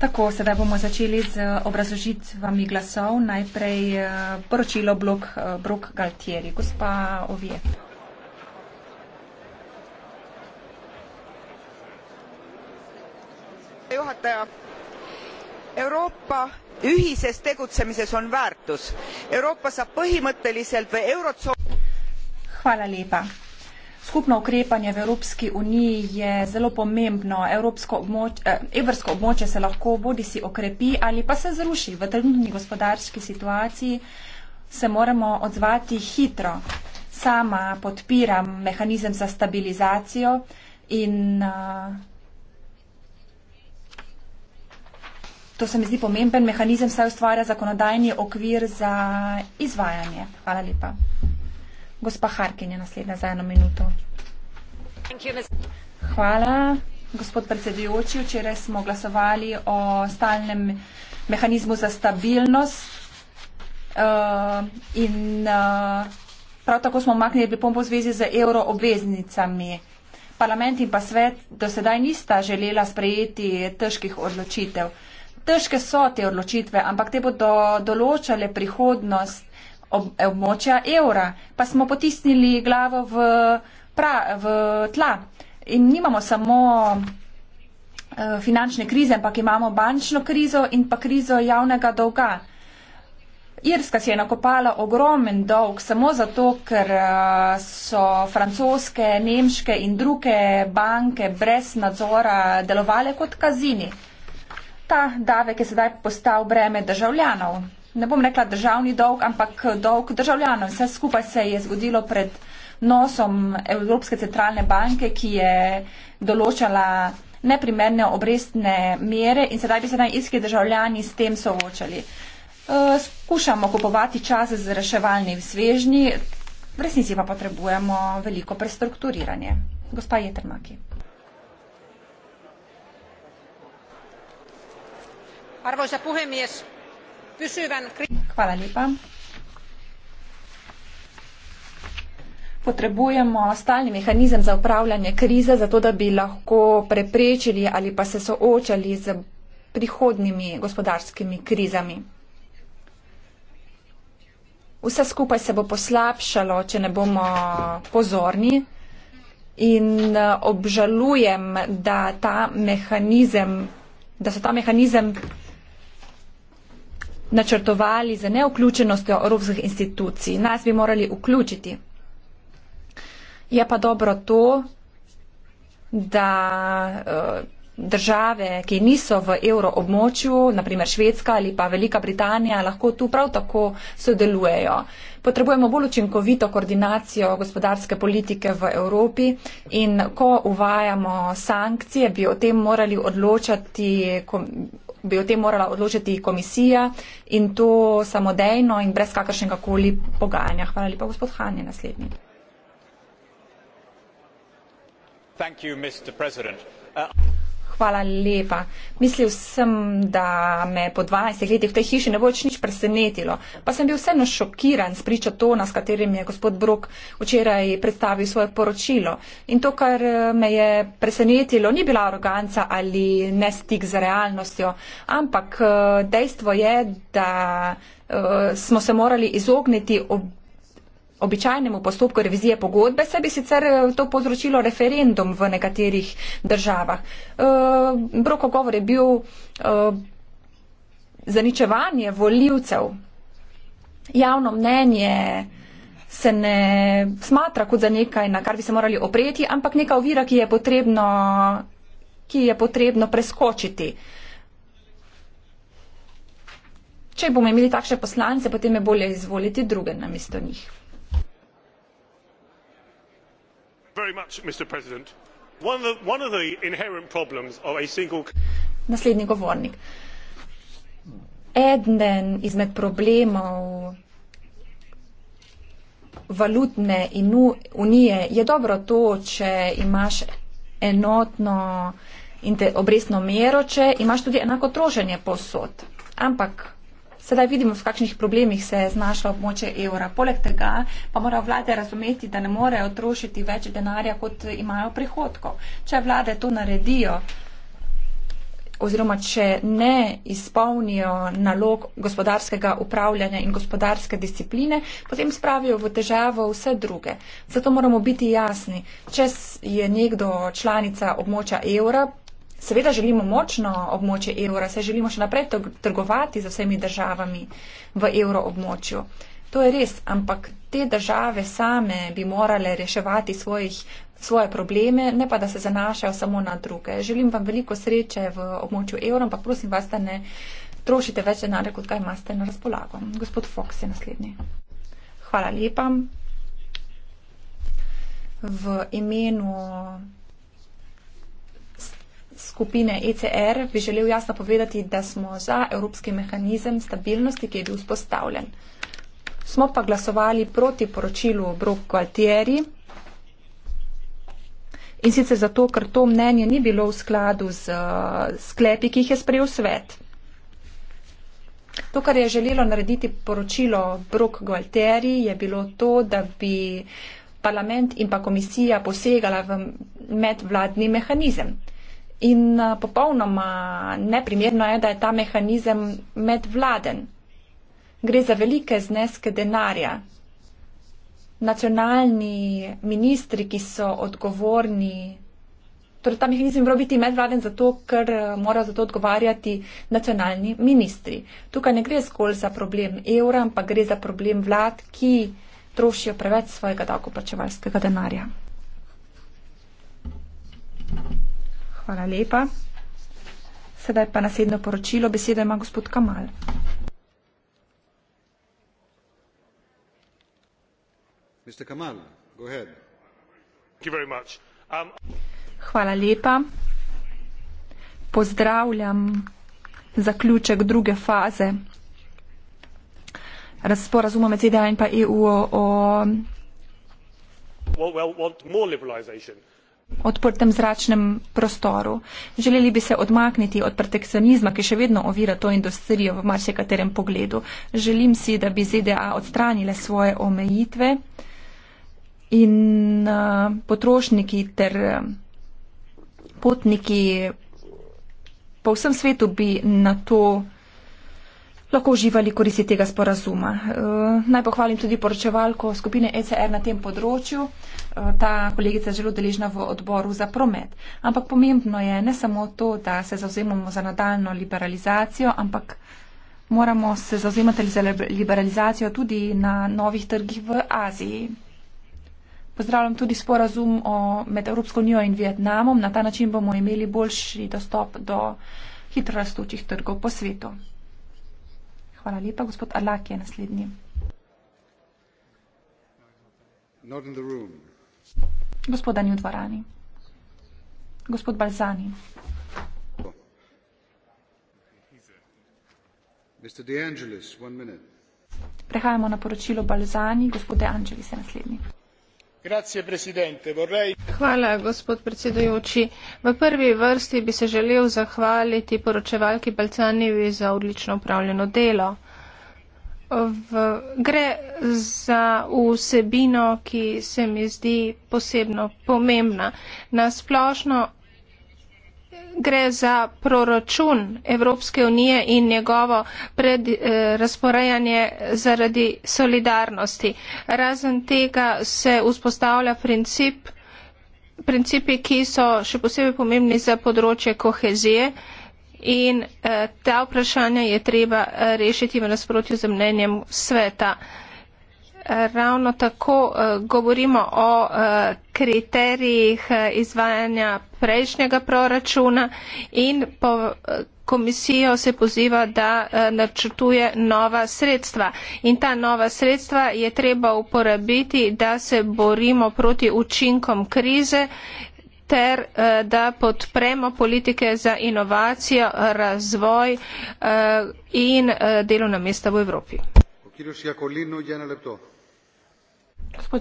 Tako, sedaj bomo začeli z obrazložitvami glasov. Najprej eh, poročilo blok eh, Brok Galtieri. Gospa Ovije. juhataja, Euroopa ühises tegutsemises on väärtus. Euroopa saab põhimõtteliselt või eurotsoon. Hvala lepa. Skupno ukrepanje v Evropski uniji je zelo pomembno. Evropsko območ, eh, evrsko območje se lahko bodi si okrepi ali pa se zruši. V trenutni gospodarski situaciji se moramo odzvati hitro. Sama podpiram mehanizem za stabilizacijo in uh, to se mi zdi pomemben mehanizem, saj ustvarja zakonodajni okvir za izvajanje. Hvala lepa. Gospa Harkin je naslednja za eno minuto. Hvala, gospod predsedujoči. Včeraj smo glasovali o stalnem mehanizmu za stabilnost eh, in eh, prav tako smo omaknili pripombo v zvezi z evro obveznicami. Parlament in pa svet do sedaj nista želela sprejeti težkih odločitev. Težke so te odločitve, ampak te bodo določale prihodnost območja evra. Pa smo potisnili glavo v pra, v tla. In nimamo samo eh, finančne krize, ampak imamo bančno krizo in pa krizo javnega dolga. Irska si je nakopala ogromen dolg samo zato, ker eh, so francoske, nemške in druge banke brez nadzora delovale kot kazini. Ta davek je sedaj postal breme državljanov. Ne bom rekla državni dolg, ampak dolg državljanov. Vse skupaj se je zgodilo pred nosom Evropske centralne banke, ki je določala neprimerne obrestne mere in sedaj bi se naj iski državljani s tem soočali. E, skušamo kupovati čas z reševalni svežnji, v resnici pa potrebujemo veliko prestrukturiranje. Gospa Jetrmaki. Hvala lepa. potrebujemo stalni mehanizem za upravljanje krize, zato da bi lahko preprečili ali pa se soočali z prihodnimi gospodarskimi krizami. Vse skupaj se bo poslabšalo, če ne bomo pozorni in eh, obžalujem, da, mehanizem, da so ta mehanizem načrtovali za neuključenost evropskih institucij. Nas bi morali vključiti. Je pa dobro to, da eh, države, ki niso v evroobmočju, naprimer Švedska ali pa Velika Britanija, lahko tu prav tako sodelujejo. Potrebujemo bolj učinkovito koordinacijo gospodarske politike v Evropi in ko uvajamo sankcije, bi o tem, odločati, bi o tem morala odločiti komisija in to samodejno in brez kakršnega koli pogajanja. Hvala lepa, gospod Hanje, naslednji. Uh, Mislil sem, da me po 12 letih v tej hiši ne bo nič presenetilo, pa sem bil vseeno šokiran s pričo tona, s katerim je gospod Brok včeraj predstavil svoje poročilo. In to, kar uh, me je presenetilo, ni bila aroganca ali nestik z realnostjo, ampak uh, dejstvo je, da smo se morali izogniti ob običajnemu postopku revizije pogodbe, se bi sicer eh, to povzročilo referendum v nekaterih državah. Broko eh, govor je bil eh, zaničevanje voljivcev. Javno mnenje se ne smatra kot za nekaj, na kar bi se morali opreti, ampak neka ovira, ki je potrebno, ki je potrebno preskočiti. Če bomo imeli takšne poslance, potem je bolje izvoliti druge namesto njih. Naslednji govornik. Eden izmed problemov valutne inu, unije je dobro to, če imaš enotno inter, obrestno mero, če imaš tudi enako troženje posod. Ampak Sedaj vidimo, v kakšnih problemih se je znašla območje evra. Poleg tega pa morajo vlade razumeti, da ne morejo trošiti več denarja, kot imajo prihodkov. Če vlade to naredijo, oziroma če ne izpolnijo nalog gospodarskega upravljanja in gospodarske discipline, potem spravijo v težavo vse druge. Zato moramo biti jasni, če je nekdo članica območja evra, Seveda želimo močno območje evra, se želimo še naprej trgovati z vsemi državami v evroobmočju. To je res, ampak te države same bi morale reševati svojih, svoje probleme, ne pa da se zanašajo samo na druge. Želim vam veliko sreče v območju evra, ampak prosim vas, da ne trošite več denarja, kot ga imate na razpolago. Gospod Fox je naslednji. Hvala lepa. V imenu skupine ECR bi želel jasno povedati, da smo za evropski mehanizem stabilnosti, ki je bil vzpostavljen. Smo pa glasovali proti poročilu Brok Gualtieri in sicer zato, ker to mnenje ni bilo v skladu z eh, sklepi, ki jih je sprejel svet. To, kar je želelo narediti poročilo Brok Gualtieri, je bilo to, da bi parlament in pa komisija posegala v medvladni mehanizem. In eh, popolnoma neprimerno je, da je ta mehanizem medvladen. Gre za velike zneske denarja. Nacionalni ministri, ki so odgovorni. Torej, ta mehanizem mora biti medvladen zato, ker eh, mora za to odgovarjati nacionalni ministri. Tukaj ne gre zgolj za problem evra, ampak gre za problem vlad, ki trošijo preveč svojega davkoplačevalskega denarja. Hvala lepa. Sedaj pa naslednjo poročilo. Besedo ima gospod Kamal. Mr. Kamal, go ahead. Thank you very much. Um... Hvala lepa. Pozdravljam zaključek druge faze razporazuma med ZDA in pa EU o. Well, well, odprtem zračnem prostoru. Želeli bi se odmakniti od protekcionizma, ki še vedno ovira to industrijo v marsikaterem pogledu. Želim si, da bi ZDA odstranile svoje omejitve in uh, potrošniki ter eh, potniki po vsem svetu bi na to lahko uživali koristi tega sporazuma. Eh, naj pohvalim tudi poročevalko skupine ECR na tem področju. Eh, ta kolegica je zelo deležna v odboru za promet. Ampak pomembno je ne samo to, da se zauzemamo za nadaljno liberalizacijo, ampak moramo se zauzemati za liberalizacijo tudi na novih trgih v Aziji. Pozdravljam tudi sporazum o, med Evropsko unijo in Vietnamom. Na ta način bomo imeli boljši dostop do hitro rastočih trgov po svetu. Hvala lepa. Gospod Arlak je naslednji. Gospoda ni v dvorani. Gospod Balzani. Prehajamo na poročilo Balzani. Gospod De Angelis je naslednji v prvi vrsti bi se želel zahvaliti poročevalki balcanjevi za odlično upravljeno delo. V, gre za vsebino, ki se mi zdi posebno pomembna. Na splošno gre za proračun Evropske unije in njegovo pred, eh, razporejanje zaradi solidarnosti. Razen tega se vzpostavlja princip, principi, ki so še posebej pomembni za področje kohezije in eh, ta vprašanja je treba eh, rešiti v nasprotju z mnenjem sveta. Eh, Ravno tako eh, govorimo o eh, kriterijih eh, izvajanja prejšnjega proračuna in po komisijo se poziva, da načrtuje nova sredstva. In ta nova sredstva je treba uporabiti, da se borimo proti učinkom krize ter da podpremo politike za inovacijo, razvoj in delovna mesta v Evropi. V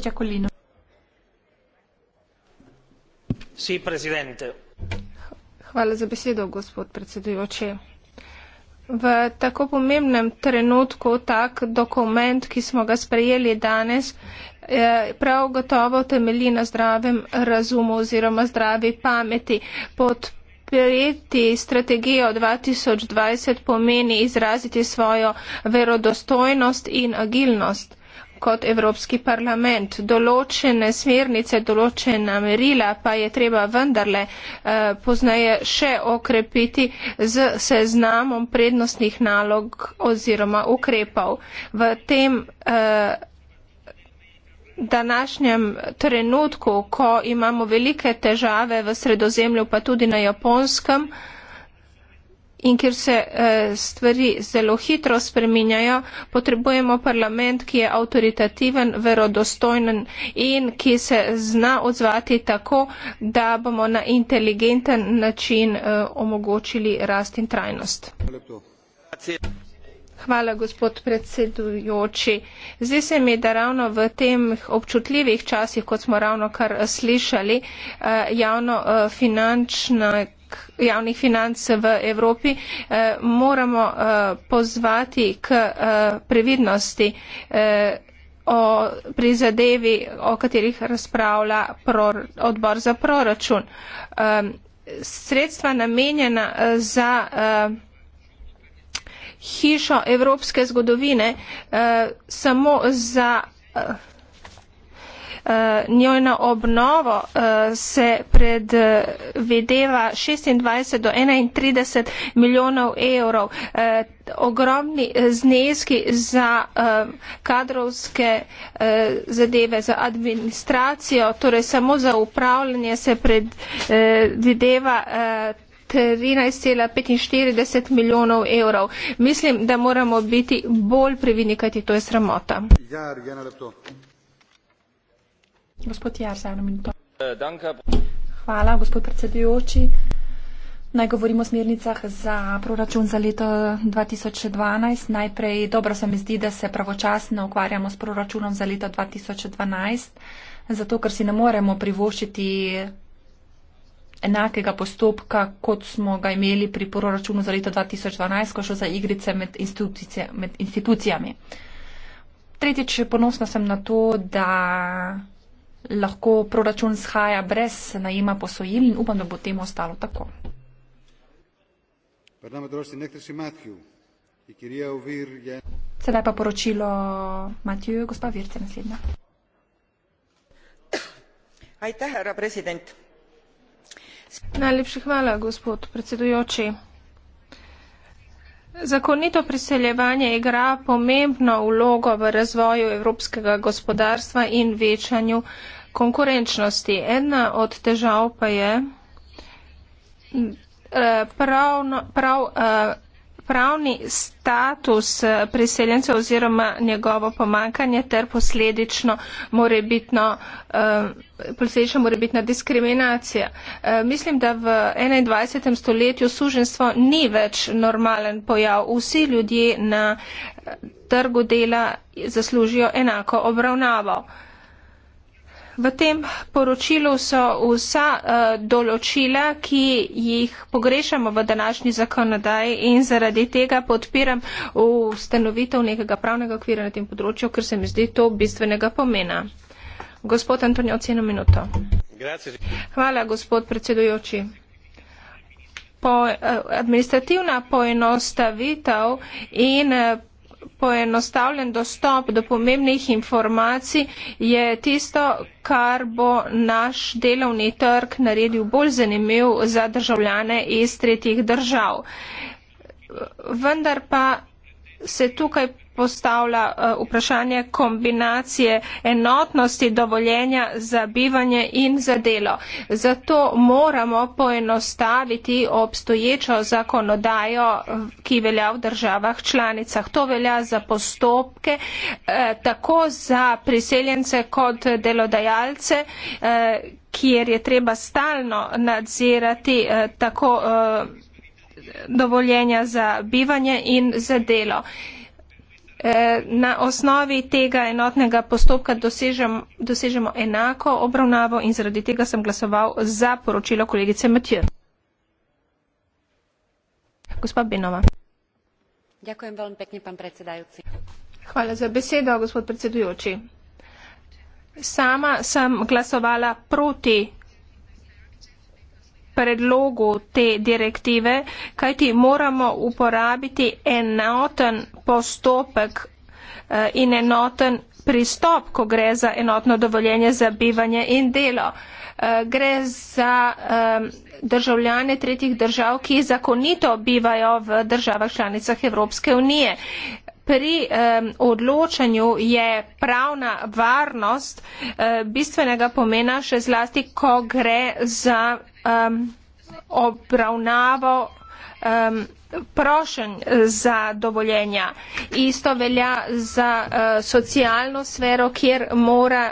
tako pomembnem trenutku tak dokument, ki smo ga sprejeli danes, eh, prav gotovo temelji na zdravem razumu oziroma zdravi pameti. Podpreti strategijo 2020 pomeni izraziti svojo verodostojnost in agilnost kot Evropski parlament. Določene smernice, določena merila pa je treba vendarle eh, poznaje še okrepiti z seznamom prednostnih nalog oziroma ukrepov. V tem eh, današnjem trenutku, ko imamo velike težave v sredozemlju, pa tudi na japonskem, eh, in kjer se eh, stvari zelo hitro spreminjajo, potrebujemo parlament, ki je avtoritativen, verodostojen in ki se zna odzvati tako, da bomo na inteligenten način eh, omogočili rast in trajnost. Hvala, gospod predsedujoči. Zdi se mi, da ravno v tem občutljivih časih, kot smo ravno kar slišali, eh, javno eh, finančne stanek javnih financ v Evropi, eh, moramo eh, pozvati k eh, previdnosti o prizadevi, o katerih razpravlja odbor za proračun. Sredstva namenjena za hišo evropske zgodovine samo za uh, njojno obnovo uh, se predvideva 26 do 31 milijonov evrov. Uh, ogromni zneski za uh, kadrovske uh, zadeve, za administracijo, torej samo za upravljanje se predvideva. Uh, 13,45 milijonov evrov. Mislim, da moramo biti bolj previdni, kajti to je sramota. Ja, ja, Gospod Jarz, eno minuto. Hvala, gospod predsedujoči. Naj govorimo o smernicah za proračun za leto 2012. Najprej dobro se mi zdi, da se pravočasno ukvarjamo s proračunom za leto 2012, zato ker si ne moremo privoščiti enakega postopka, kot smo ga imeli pri proračunu za leto 2012, ko šlo za igrice med, med institucijami. Tretjič, ponosna sem na to, da lahko proračun shaja brez najema posojil in upam, da bo temu ostalo tako. Sedaj pa poročilo Matiju, gospa Virce, naslednja. Najlepša hvala, gospod predsedujoči. Zakonito priseljevanje igra pomembno vlogo v razvoju evropskega gospodarstva in večanju konkurenčnosti. Ena od težav pa je eh, prav, prav eh, pravni status eh, priseljencev oziroma njegovo pomankanje ter posledično morebitno, eh, posledično morebitna diskriminacija. Eh, mislim, da v 21. stoletju suženstvo ni več normalen pojav. Vsi ljudje na trgu dela zaslužijo enako obravnavo. V tem poročilu so vsa uh, določila, ki jih pogrešamo v današnji zakonodaji in zaradi tega podpiram ustanovitev nekega pravnega okvira na tem področju, ker se mi zdi to bistvenega pomena. Gospod Antonijo, ceno minuto. Hvala, gospod predsedujoči. Po, eh, administrativna poenostavitev in eh, poenostavljen dostop do pomembnih informacij je tisto, kar bo naš delovni trg naredil bolj zanimiv za državljane iz tretjih držav. Vendar pa se tukaj postavlja eh, vprašanje kombinacije enotnosti dovoljenja za bivanje in za delo. Zato moramo poenostaviti obstoječo zakonodajo, ki velja v državah članicah. To velja za postopke eh, tako za priseljence kot delodajalce eh, kjer je treba stalno nadzirati eh, tako eh, dovoljenja za bivanje in za delo. Eh, Eh, na osnovi tega enotnega postopka dosežem, dosežemo enako obravnavo in zaradi tega sem glasoval za poročilo kolegice Matje. Gospa Benova. Ďakujem veľmi pekne, pán predsedajúci. Hvala za besedo, gospod predsedujoči. Sama sem glasovala proti predlogu te direktive, kajti moramo uporabiti enoten postopek eh, in enoten pristop, ko gre za enotno dovoljenje za bivanje in delo. Eh, gre za eh, državljane tretjih držav, ki zakonito bivajo v državah članicah Evropske unije pri um, odločanju je pravna varnost uh, bistvenega pomena, še zlasti, ko gre za um, obravnavo. Um, prošen za dovoljenja. Isto velja za uh, socialno sfero, kjer mora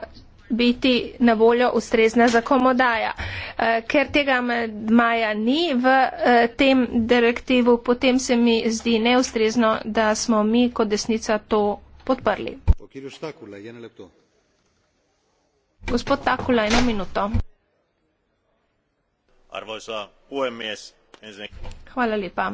biti na voljo ustrezna zakonodaja. Eh, ker tega maja ni v eh, tem direktivu, potem se mi zdi neustrezno, da smo mi kot desnica to podprli. Gospod Takula, eno minuto. Hvala lepa.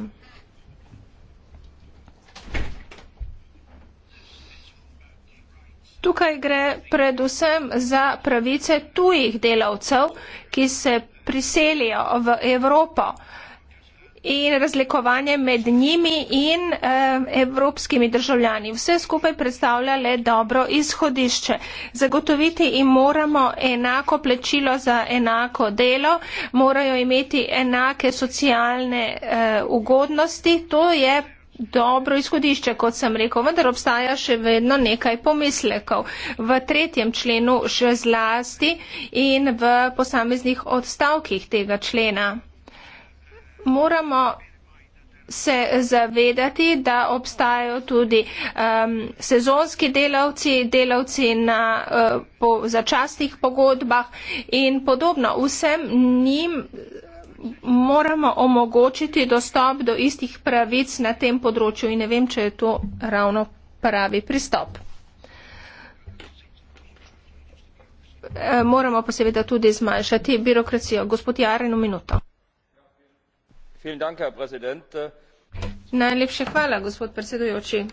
Tukaj gre predvsem za pravice tujih delavcev, ki se priselijo v Evropo in razlikovanje med njimi in e, evropskimi državljani. Vse skupaj predstavlja le dobro izhodišče. Zagotoviti jim moramo enako plečilo za enako delo, morajo imeti enake socialne e, ugodnosti. To je dobro izhodišče, kot sem rekel, vendar obstaja še vedno nekaj pomislekov. V tretjem členu še zlasti in v posameznih odstavkih tega člena. Moramo se zavedati, da obstajajo tudi um, sezonski delavci, delavci na uh, po, začastnih pogodbah in podobno. Vsem njim moramo omogočiti dostop do istih pravic na tem področju in ne vem, če je to ravno pravi pristop. Eh, moramo pa seveda tudi zmanjšati birokracijo. Gospod Jaren, v minuto. Najlepše hvala, gospod predsedujoči.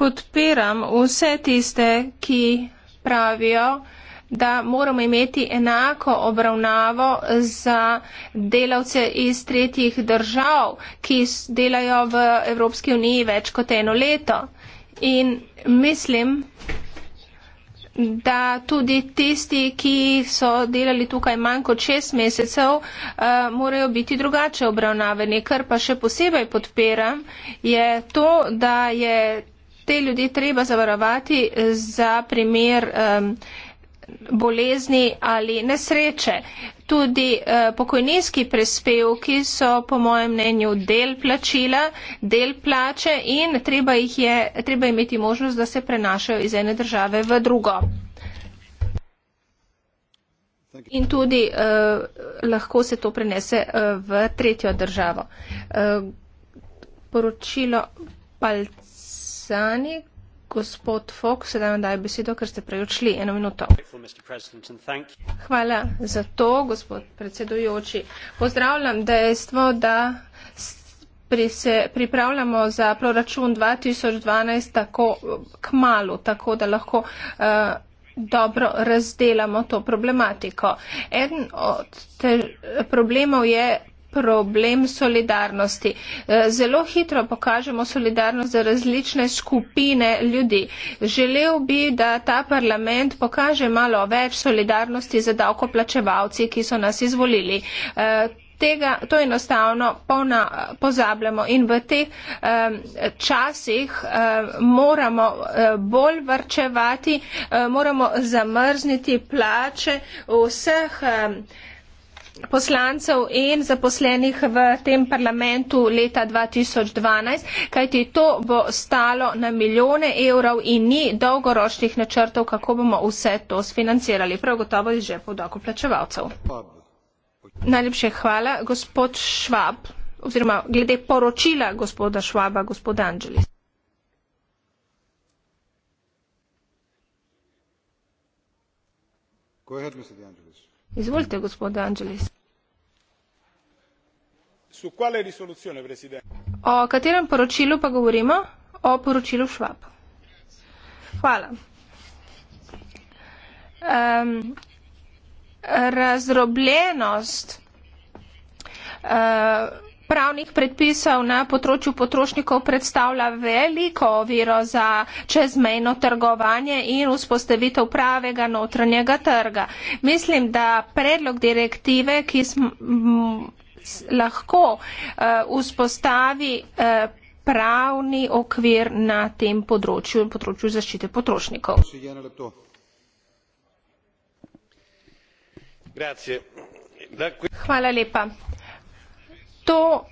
Podpiram vse tiste, ki pravijo, da moramo imeti enako obravnavo za delavce iz tretjih držav, ki delajo v Evropski uniji več kot eno leto. In mislim, da tudi tisti, ki so delali tukaj manj kot šest mesecev, uh, morajo biti drugače obravnaveni. Kar pa še posebej podpiram, je to, da je te ljudi treba zavarovati za primer um, bolezni ali nesreče. Tudi uh, pokojninski prispevki so, po mojem mnenju, del plačila, del plače in treba, je, treba imeti možnost, da se prenašajo iz ene države v drugo. In tudi uh, lahko se to prenese uh, v tretjo državo. Uh, poročilo Balt. Sani, gospod Fox, sedaj vam daj besedo, ker ste prej odšli eno minuto. Hvala za to, gospod predsedujoči. Pozdravljam dejstvo, da pri se pripravljamo za proračun 2012 tako k malu, tako da lahko uh, dobro razdelamo to problematiko. Eden od te, problemov je problem solidarnosti. E, zelo hitro pokažemo solidarnost za različne skupine ljudi. Želel bi, da ta parlament pokaže malo več solidarnosti za davkoplačevalci, ki so nas izvolili. E, tega, to enostavno polna, pozabljamo in v teh um, časih um, moramo e, bolj varčevati, um, moramo zamrzniti plače vseh um, poslancev in zaposlenih v tem parlamentu leta 2012, kajti to bo stalo na milijone evrov in ni dolgoročnih načrtov, kako bomo vse to sfinancirali. Prav gotovo iz žepov dokoplačevalcev. Najlepše hvala, gospod Švab, oziroma glede poročila gospoda Švaba, gospod Anželis. Go ahead, Izvolite, gospod Angelis. Su quale risoluzione, presidente? O katerem poročilu pa govorimo? O poročilu Švab. Hvala. Um, razrobljenost uh, eh, pravnih predpisov na področju potrošnikov predstavlja veliko oviro za čezmejno trgovanje in vzpostavitev pravega notranjega trga. Mislim, da predlog direktive, ki lahko uh, vzpostavi uh, pravni okvir na tem področju, področju zaščite potrošnikov. Hvala lepa to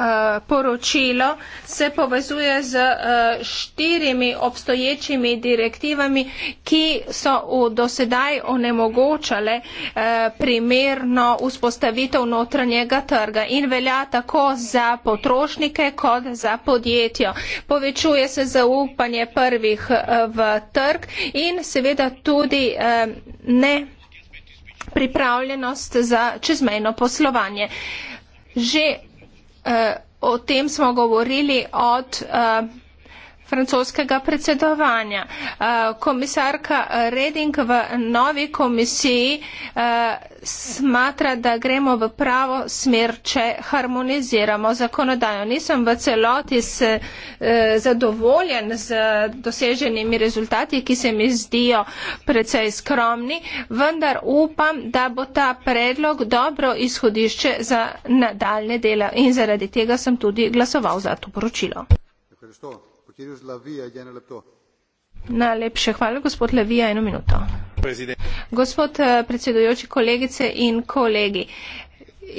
uh, poročilo se povezuje z uh, štirimi obstoječimi direktivami, ki so v dosedaj onemogočale uh, primerno vzpostavitev notranjega trga in velja tako za potrošnike kot za podjetjo. Povečuje se zaupanje prvih uh, v trg in seveda tudi uh, ne pripravljenost za čezmejno poslovanje. Že uh, o tem smo govorili od uh, francoskega predsedovanja. Eh, komisarka Reding v novi komisiji eh, smatra, da gremo v pravo smer, če harmoniziramo zakonodajo. Nisem v celoti eh, zadovoljen z doseženimi rezultati, ki se mi zdijo precej skromni, vendar upam, da bo ta predlog dobro izhodišče za nadaljne dele in zaradi tega sem tudi glasoval za to poročilo. Hristo. Najlepša hvala, gospod Levija, eno minuto. Gospod eh, predsedujoči, kolegice in kolegi.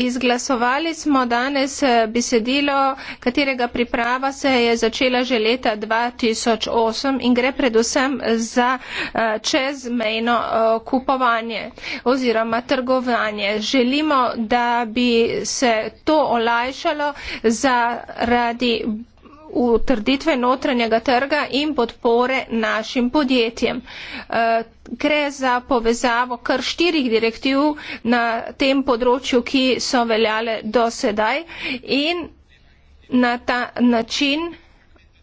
Izglasovali smo danes eh, besedilo, katerega priprava se je začela že leta 2008 in gre predvsem za eh, čezmejno kupovanje oziroma trgovanje. Želimo, da bi se to olajšalo zaradi utrditve notranjega trga in podpore našim podjetjem. Eh, gre za povezavo kar štirih direktiv na tem področju, ki so veljale do sedaj in na ta način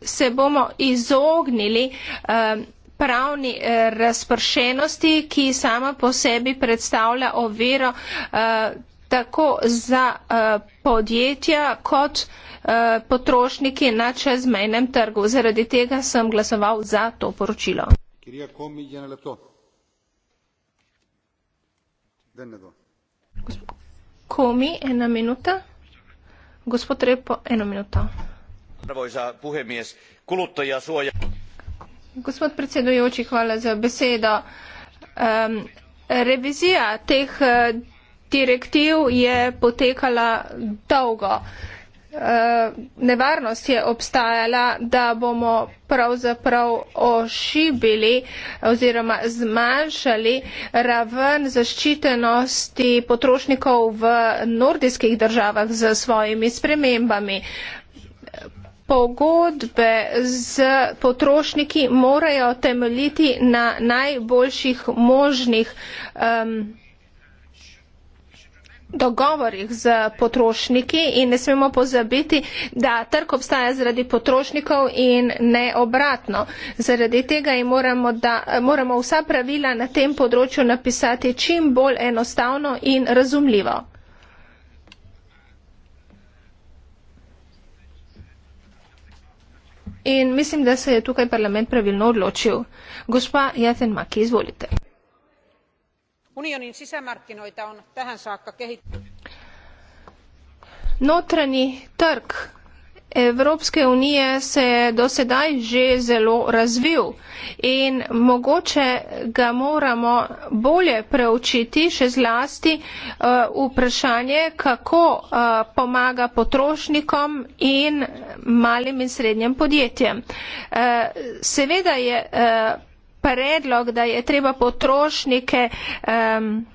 se bomo izognili eh, pravni eh, razpršenosti, ki sama po sebi predstavlja oviro tako za podjetja kot Eh, potrošniki na čezmejnem trgu. Zaradi tega sem glasoval za to poročilo. Arvoisa puhemies, kuluttaja suoja. Gospod predsedujoči, hvala za besedo. Um, revizija teh eh, direktiv je potekala dolgo. Eh, nevarnost je obstajala, da bomo pravzaprav ošibili oziroma zmanjšali raven zaščitenosti potrošnikov v nordijskih državah z svojimi spremembami. Pogodbe z potrošniki morajo temeljiti na najboljših možnih um, dogovorih z potrošniki in ne smemo pozabiti, da trg obstaja zaradi potrošnikov in ne obratno. Zaradi tega moramo, da, moramo vsa pravila na tem področju napisati čim bolj enostavno in razumljivo. In mislim, da se je tukaj parlament pravilno odločil. Gospa Jatenmaki, izvolite unionin sisämarkkinoita on tähän saakka Notranji trg Evropske unije se je do sedaj že zelo razvil in mogoče ga moramo bolje preučiti, še zlasti uh, vprašanje, kako uh, pomaga potrošnikom in malim in srednjem podjetjem. Uh, seveda je uh, predlog da je treba potrošnike um,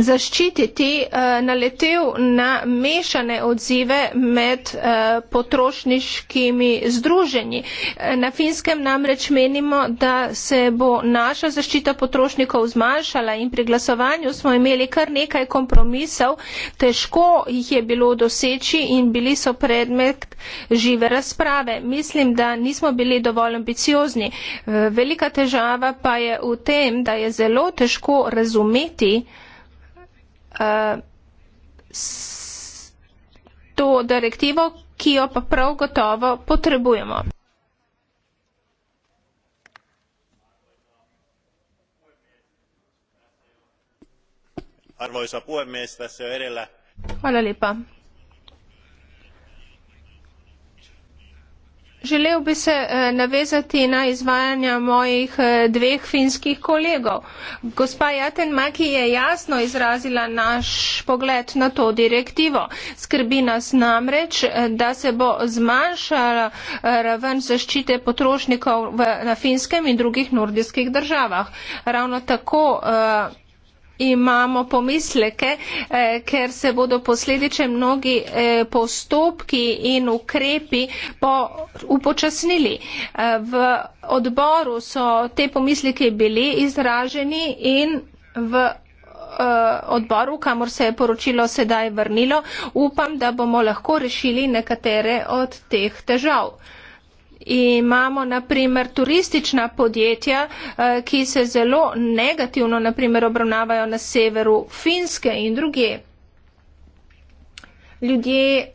zaščititi, eh, naletel na mešane odzive med eh, potrošniškimi združenji. Eh, na finskem namreč menimo, da se bo naša zaščita potrošnikov zmanjšala in pri glasovanju smo imeli kar nekaj kompromisov, težko jih je bilo doseči in bili so predmet žive razprave. Mislim, da nismo bili dovolj ambiciozni. Velika težava pa je v tem, da je zelo težko razumeti, to direktivo, ki jo pa prav gotovo potrebujemo. Hvala lepa. Želel bi se eh, navezati na izvajanja mojih eh, dveh finskih kolegov. Gospa Jaten Maki je jasno izrazila naš pogled na to direktivo. Skrbi nas namreč, eh, da se bo zmanjšala raven zaščite potrošnikov v, na finskem in drugih nordijskih državah. Ravno tako. Uh, imamo pomisleke, eh, ker se bodo posledične mnogi eh, postopki in ukrepi po upočasnili. Eh, v odboru so te pomisleke bili izraženi in v odboru, kamor se je poročilo sedaj vrnilo, upam, da bomo lahko rešili nekatere od teh težav imamo naprimer turistična podjetja, eh, ki se zelo negativno naprimer obravnavajo na severu Finske in druge. Ljudje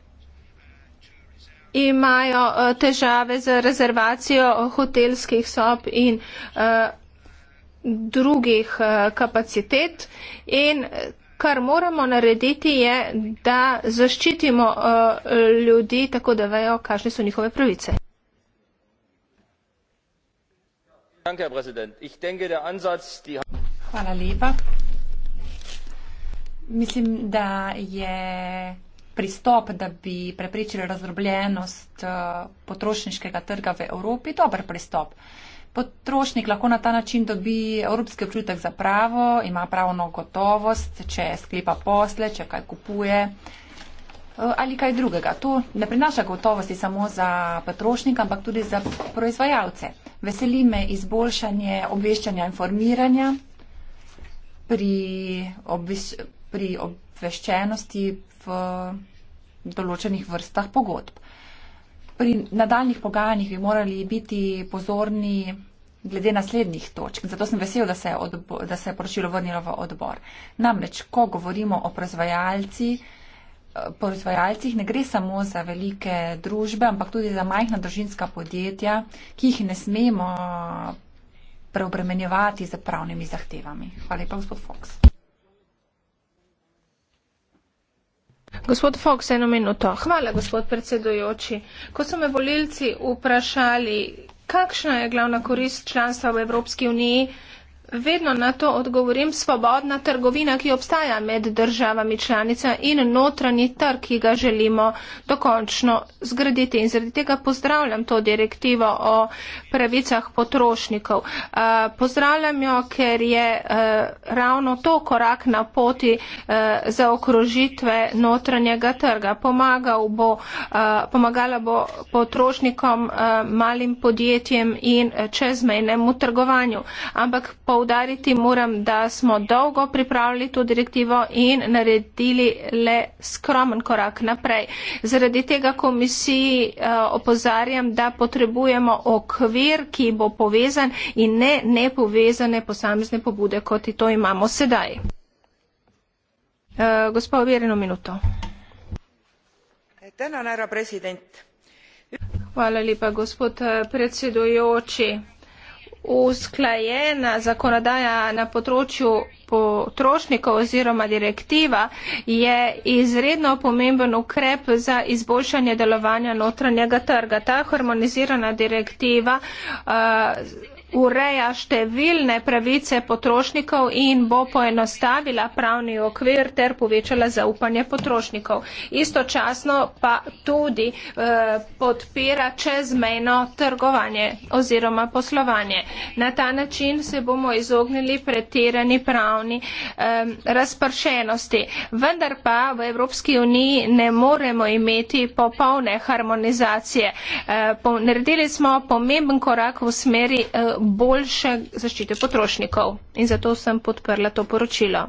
imajo eh, težave z rezervacijo hotelskih sob in eh, drugih kapacitet in kar moramo narediti je, da zaščitimo ljudi tako, da vejo, kakšne so njihove pravice. Hvala lepa. Mislim, da je pristop, da bi preprečili razdrobljenost eh, potrošniškega trga v Evropi, dober pristop. Potrošnik lahko na ta način dobi evropski občutek za pravo, ima pravno gotovost, če sklepa posle, če kaj kupuje eh, ali kaj drugega. To ne prinaša gotovosti samo za potrošnika, ampak tudi za proizvajalce. Veseli me izboljšanje obveščanja in informiranja pri, obveš pri obveščenosti v določenih vrstah pogodb. Pri nadaljnih pogajanjih bi morali biti pozorni glede naslednjih točk. Zato sem vesel, da se, da se je poročilo vrnilo v odbor. Namreč, ko govorimo o proizvajalcih, proizvajalcih ne gre samo za velike družbe, ampak tudi za majhna družinska podjetja, ki jih ne smemo preobremenjevati z pravnimi zahtevami. Hvala lepa, gospod Fox. Gospod Fox, eno minuto. Hvala, gospod predsedujoči. Ko so me volilci vprašali, kakšna je glavna korist članstva v Evropski uniji, Vedno na to odgovorim svobodna trgovina, ki obstaja med državami članica in notranji trg, ki ga želimo dokončno zgraditi. In zaradi tega pozdravljam to direktivo o pravicah potrošnikov. Eh, pozdravljam jo, ker je eh, ravno to korak na poti eh, za okrožitve notranjega trga. Bo, pomagala bo potrošnikom, malim podjetjem in čezmejnemu trgovanju. Ampak po poudariti moram, da smo dolgo pripravili to direktivo in naredili le skromen korak naprej. Zaradi tega komisiji eh, opozarjam, da potrebujemo okvir, ki bo povezan in ne nepovezane posamezne pobude, kot jih to imamo sedaj. Eh, gospod Vjereno, minuto. Hvala lepa, gospod eh, predsedujoči usklajena zakonodaja na področju potrošnikov oziroma direktiva je izredno pomemben ukrep za izboljšanje delovanja notranjega trga. Ta harmonizirana direktiva uh, ureja številne pravice potrošnikov in bo poenostavila pravni okvir ter povečala zaupanje potrošnikov. Istočasno pa tudi e, podpira čezmejno trgovanje oziroma poslovanje. Na ta način se bomo izognili pretirani pravni e, razpršenosti. Vendar pa v Evropski uniji ne moremo imeti popolne harmonizacije. E, po, naredili smo pomemben korak v smeri e, boljše zaščite potrošnikov. In zato sem podprla to poročilo.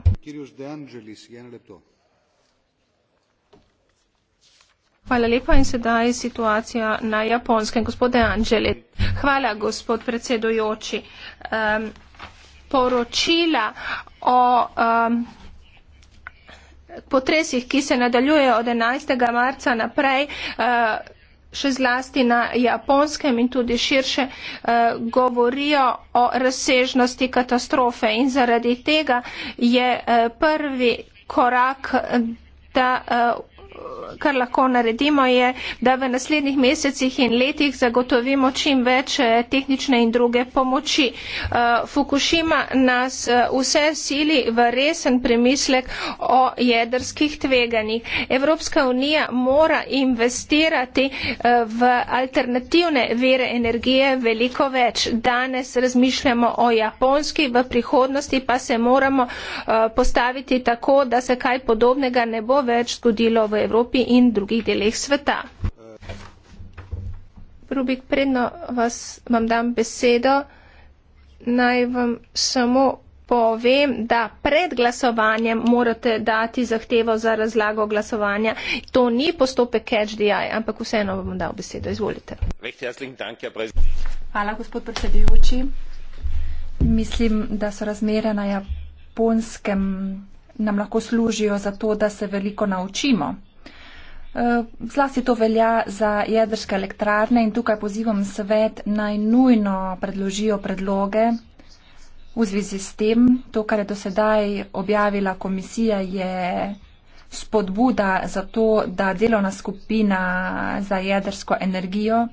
Hvala lepa in sedaj situacija na japonskem. Gospode Anželi. Hvala, gospod predsedujoči. Um, poročila o um, potresih, ki se nadaljujejo od 11. marca naprej, uh, še zlasti na japonskem in tudi širše, eh, govorijo o razsežnosti katastrofe in zaradi tega je eh, prvi korak, eh, da kar lahko naredimo, je, da v naslednjih mesecih in letih zagotovimo čim več eh, tehnične in druge pomoči. Eh, Fukushima nas eh, vse sili v resen premislek o jedrskih tveganjih. Evropska unija mora investirati v alternativne vere energije veliko več. Danes razmišljamo o japonski, v prihodnosti pa se moramo postaviti tako, da se kaj podobnega ne bo več zgodilo v Evropi. Evropi in drugih delih sveta. Rubik, predno vas vam dam besedo, naj vam samo povem, da pred glasovanjem morate dati zahtevo za razlago glasovanja. To ni postopek HDI, ampak vseeno vam dal besedo. Izvolite. Hvala, gospod predsedujoči. Mislim, da so razmere na japonskem nam lahko služijo za to, da se veliko naučimo. Eh, zlasti to velja za jedrske elektrarne in tukaj pozivam svet naj nujno predložijo predloge v zvezi s tem. To, kar je dosedaj objavila komisija, je spodbuda za to, da delovna skupina za jedrsko energijo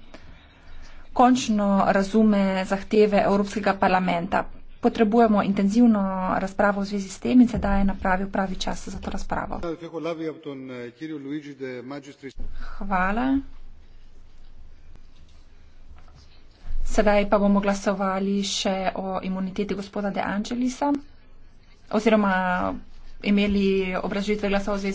končno razume zahteve Evropskega parlamenta potrebujemo intenzivno razpravo v zvezi s tem in sedaj je napravil pravi čas za to razpravo. Hvala. Sedaj pa bomo glasovali še o imuniteti gospoda De Angelisa oziroma imeli obražitve glasov v zvezi.